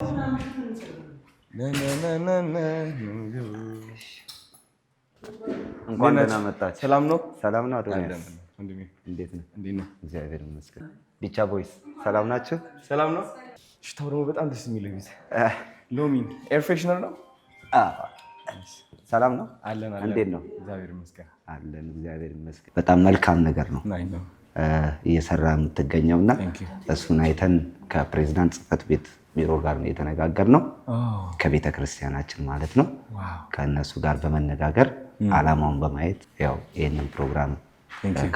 እንኳን ደህና መጣችሁ። ሰላም ነው? ሰላም ነው። እንዴት ነው? እግዚአብሔር ይመስገን። ዲቻ ቦይስ ሰላም ናችሁ? ሰላም ነው። ሽታው ደግሞ በጣም ደስ የሚለው ሎሚን ኤር ፍሬሽነር ነው። ሰላም ነው። እንዴት ነው? እግዚአብሔር ይመስገን። አለን። እግዚአብሔር ይመስገን። በጣም መልካም ነገር ነው። እየሰራ የምትገኘው እና እሱን አይተን ከፕሬዚዳንት ጽህፈት ቤት ቢሮ ጋር ነው የተነጋገርነው፣ oh. ከቤተ ክርስቲያናችን ማለት ነው። ከእነሱ ጋር በመነጋገር hmm. አላማውን በማየት ያው ይህንን ፕሮግራም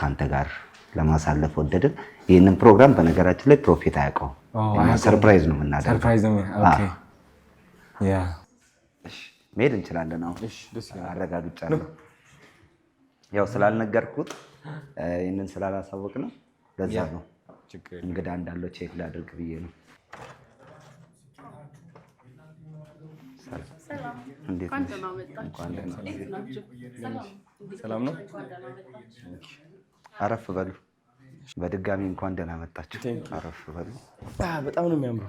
ከአንተ ጋር ለማሳለፍ ወደድን። ይህንን ፕሮግራም በነገራችን ላይ ፕሮፌት አያውቀውም። oh, ሰርፕራይዝ ነው የምናደርገው። መሄድ እንችላለን። አሁን አረጋግጫለሁ። ያው ስላልነገርኩት ይህንን ስላላሳወቅ ነው። ለዛ ነው እንግዳ እንዳለው ቼክ ላድርግ ብዬ ነው። ሰላም ነው። አረፍ በሉ። በድጋሚ እንኳን ደህና መጣችሁ። አረፍ በሉ። በጣም ነው የሚያምሩ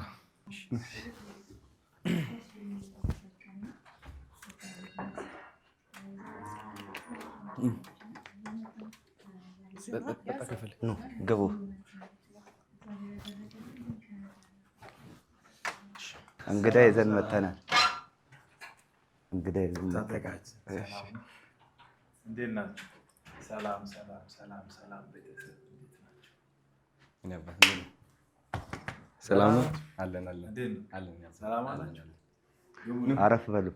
ግቡ። እንግዳ ይዘን መተናል። እንግዳ ይዘን እንዴት ናቸው? ሰላም ሰላም ሰላም ሰላም። ቤተሰብ እንዴት አለን አለን። ሰላም አላችሁ? አረፍ በሉ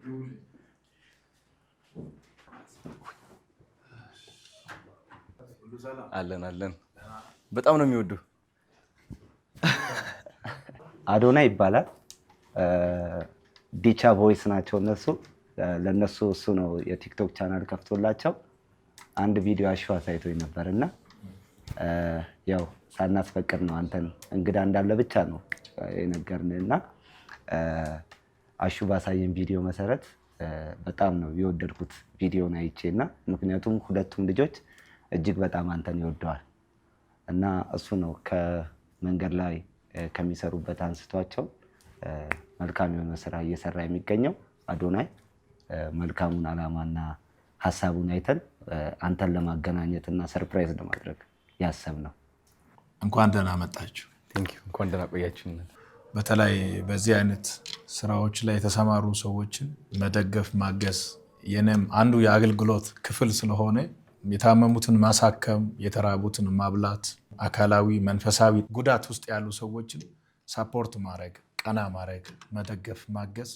አለን አለን። በጣም ነው የሚወዱ። አዶና ይባላል። ዲቻ ቮይስ ናቸው እነሱ። ለእነሱ እሱ ነው የቲክቶክ ቻናል ከፍቶላቸው አንድ ቪዲዮ አሹ አሳይቶኝ ነበር እና ያው ሳናስፈቅድ ነው አንተን እንግዳ እንዳለ ብቻ ነው የነገርን እና አሹ ባሳየን ቪዲዮ መሰረት በጣም ነው የወደድኩት ቪዲዮን አይቼ እና ምክንያቱም ሁለቱም ልጆች እጅግ በጣም አንተን ይወደዋል እና እሱ ነው ከመንገድ ላይ ከሚሰሩበት አንስቷቸው መልካም የሆነ ስራ እየሰራ የሚገኘው። አዶናይ መልካሙን አላማና ሀሳቡን አይተን አንተን ለማገናኘት እና ሰርፕራይዝ ለማድረግ ያሰብ ነው። እንኳን ደህና መጣችሁ፣ እንኳን ደህና ቆያችሁ። በተለይ በዚህ አይነት ስራዎች ላይ የተሰማሩ ሰዎችን መደገፍ ማገዝ የኔም አንዱ የአገልግሎት ክፍል ስለሆነ የታመሙትን ማሳከም፣ የተራቡትን ማብላት፣ አካላዊ መንፈሳዊ ጉዳት ውስጥ ያሉ ሰዎችን ሳፖርት ማድረግ፣ ቀና ማድረግ፣ መደገፍ፣ ማገዝ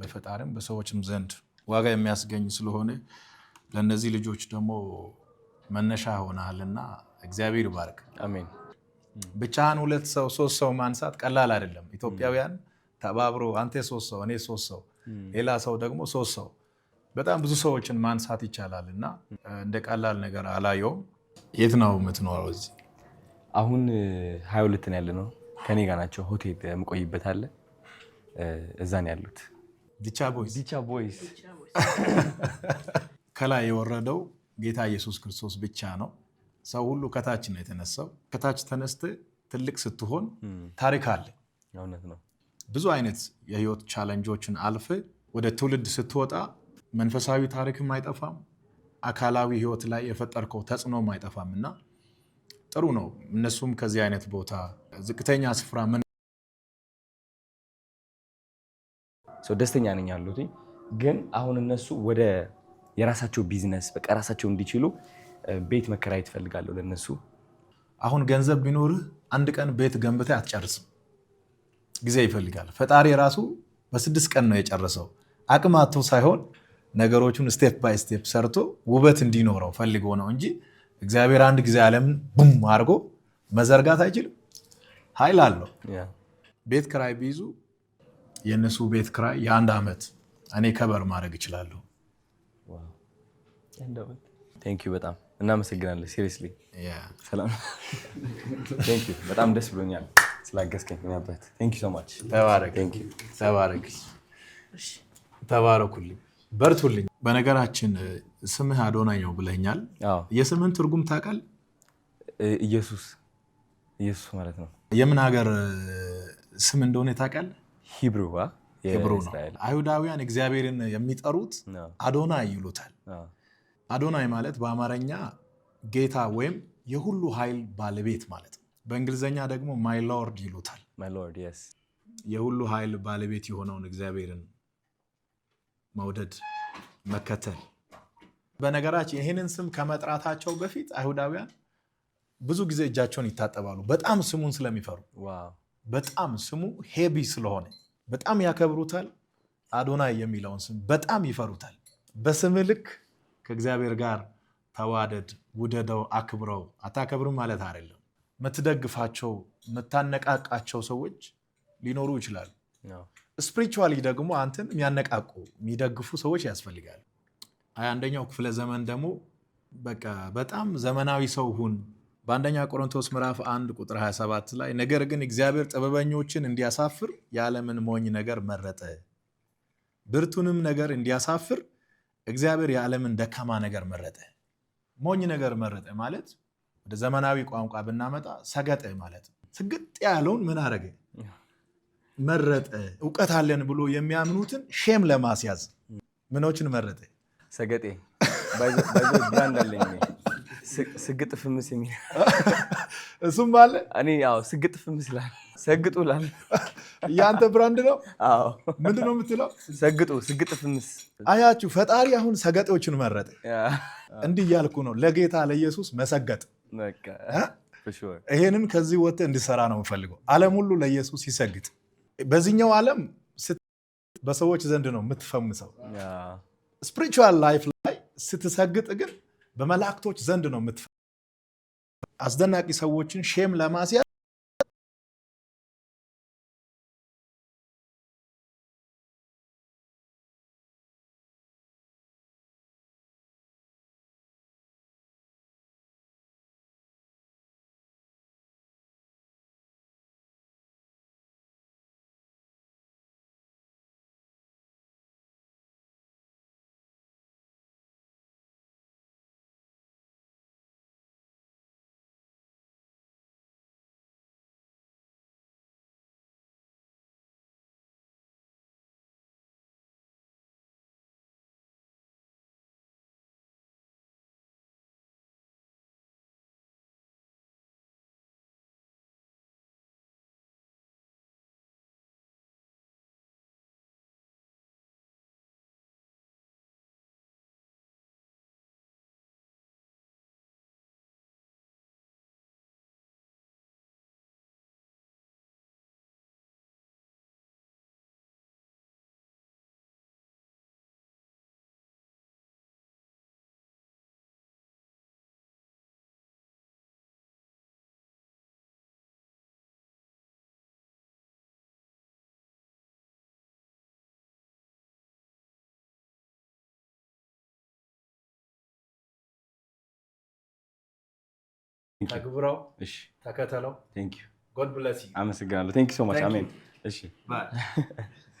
በፈጣሪም በሰዎችም ዘንድ ዋጋ የሚያስገኝ ስለሆነ ለእነዚህ ልጆች ደግሞ መነሻ ሆናልና እግዚአብሔር ይባርክ። አሜን። ብቻህን ሁለት ሰው ሶስት ሰው ማንሳት ቀላል አይደለም። ኢትዮጵያውያን ተባብሮ አንተ ሶስት ሰው እኔ ሶስት ሰው ሌላ ሰው ደግሞ ሶስት ሰው በጣም ብዙ ሰዎችን ማንሳት ይቻላል እና እንደ ቀላል ነገር አላየውም። የት ነው የምትኖረው? እዚህ አሁን ሀያ ሁለት ነው ያለ ነው። ከኔ ጋር ናቸው። ሆቴል የምቆይበት አለ። እዛን ያሉት። ዲቻ ቦይስ ዲቻ ቦይስ። ከላይ የወረደው ጌታ ኢየሱስ ክርስቶስ ብቻ ነው። ሰው ሁሉ ከታች ነው የተነሳው። ከታች ተነስተ ትልቅ ስትሆን ታሪክ አለ። ብዙ አይነት የህይወት ቻለንጆችን አልፍ ወደ ትውልድ ስትወጣ መንፈሳዊ ታሪክም አይጠፋም፣ አካላዊ ህይወት ላይ የፈጠርከው ተጽዕኖም አይጠፋም እና ጥሩ ነው። እነሱም ከዚህ አይነት ቦታ ዝቅተኛ ስፍራ ደስተኛ ነኝ ያሉት ግን አሁን እነሱ ወደ የራሳቸው ቢዝነስ በቃ ራሳቸው እንዲችሉ ቤት መከራየት እፈልጋለሁ ለነሱ። አሁን ገንዘብ ቢኖርህ አንድ ቀን ቤት ገንብተህ አትጨርስም፣ ጊዜ ይፈልጋል። ፈጣሪ ራሱ በስድስት ቀን ነው የጨረሰው አቅም አቶ ሳይሆን ነገሮቹን ስቴፕ ባይ ስቴፕ ሰርቶ ውበት እንዲኖረው ፈልጎ ነው እንጂ እግዚአብሔር አንድ ጊዜ ዓለምን ቡም አድርጎ መዘርጋት አይችልም። ኃይል አለው። ቤት ክራይ ቢይዙ የእነሱ ቤት ክራይ የአንድ ዓመት እኔ ከበር ማድረግ እችላለሁ። በጣም እናመሰግናለን። ሲሪየስሊ በጣም ደስ ብሎኛል ስላገዝከኝ። ተባረክ ተባረክ ተባረኩልኝ። በርቱልኝ። በነገራችን ስምህ አዶናይ ነው ብለኛል። የስምህን ትርጉም ታቃል ኢየሱስ ኢየሱስ ማለት ነው። የምን ሀገር ስም እንደሆነ ታውቃለህ? ሂብሩ ሂብሩ ነው። አይሁዳውያን እግዚአብሔርን የሚጠሩት አዶናይ ይሉታል። አዶናይ ማለት በአማርኛ ጌታ ወይም የሁሉ ኃይል ባለቤት ማለት ነው። በእንግሊዝኛ ደግሞ ማይ ሎርድ ይሉታል። የሁሉ ኃይል ባለቤት የሆነውን እግዚአብሔርን መውደድ፣ መከተል። በነገራችን ይህንን ስም ከመጥራታቸው በፊት አይሁዳውያን ብዙ ጊዜ እጃቸውን ይታጠባሉ። በጣም ስሙን ስለሚፈሩ በጣም ስሙ ሄቢ ስለሆነ በጣም ያከብሩታል። አዶናይ የሚለውን ስም በጣም ይፈሩታል። በስም ልክ ከእግዚአብሔር ጋር ተዋደድ፣ ውደደው፣ አክብረው። አታከብርም ማለት አይደለም። የምትደግፋቸው የምታነቃቃቸው ሰዎች ሊኖሩ ይችላሉ። ስፕሪቹዋሊ ደግሞ አንተን የሚያነቃቁ የሚደግፉ ሰዎች ያስፈልጋል። አንደኛው ክፍለ ዘመን ደግሞ በቃ በጣም ዘመናዊ ሰው ሁን። በአንደኛ ቆሮንቶስ ምዕራፍ 1 ቁጥር 27 ላይ ነገር ግን እግዚአብሔር ጥበበኞችን እንዲያሳፍር የዓለምን ሞኝ ነገር መረጠ፣ ብርቱንም ነገር እንዲያሳፍር እግዚአብሔር የዓለምን ደካማ ነገር መረጠ። ሞኝ ነገር መረጠ ማለት ወደ ዘመናዊ ቋንቋ ብናመጣ ሰገጠ ማለት ነው። ስግጥ ያለውን ምን አረገ? መረጠ። እውቀት አለን ብሎ የሚያምኑትን ሼም ለማስያዝ ምኖችን መረጠ። ሰገጤ ብራንድ አለኝ ስግጥ ፍምስ የሚል እሱም አለ። እኔ ስግጥ ፍምስ ላል ሰግጡ ላል የአንተ ብራንድ ነው። ምንድን ነው የምትለው? ሰግጡ ስግጥ ፍምስ። አያችሁ ፈጣሪ አሁን ሰገጤዎችን መረጠ። እንዲህ እያልኩ ነው ለጌታ ለኢየሱስ መሰገጥ። ይሄንን ከዚህ ወጥተህ እንዲሰራ ነው የምፈልገው። ዓለም ሁሉ ለኢየሱስ ይሰግጥ። በዚህኛው ዓለም በሰዎች ዘንድ ነው የምትፈምሰው። ስፕሪቹዋል ላይፍ ላይ ስትሰግጥ ግን በመላእክቶች ዘንድ ነው የምትፈምሰው። አስደናቂ ሰዎችን ሼም ለማስያዝ ተግብረው፣ ተከተለው። አመሰግናለሁ። ቴንክ ዩ ሶ ማች አሜን። እሺ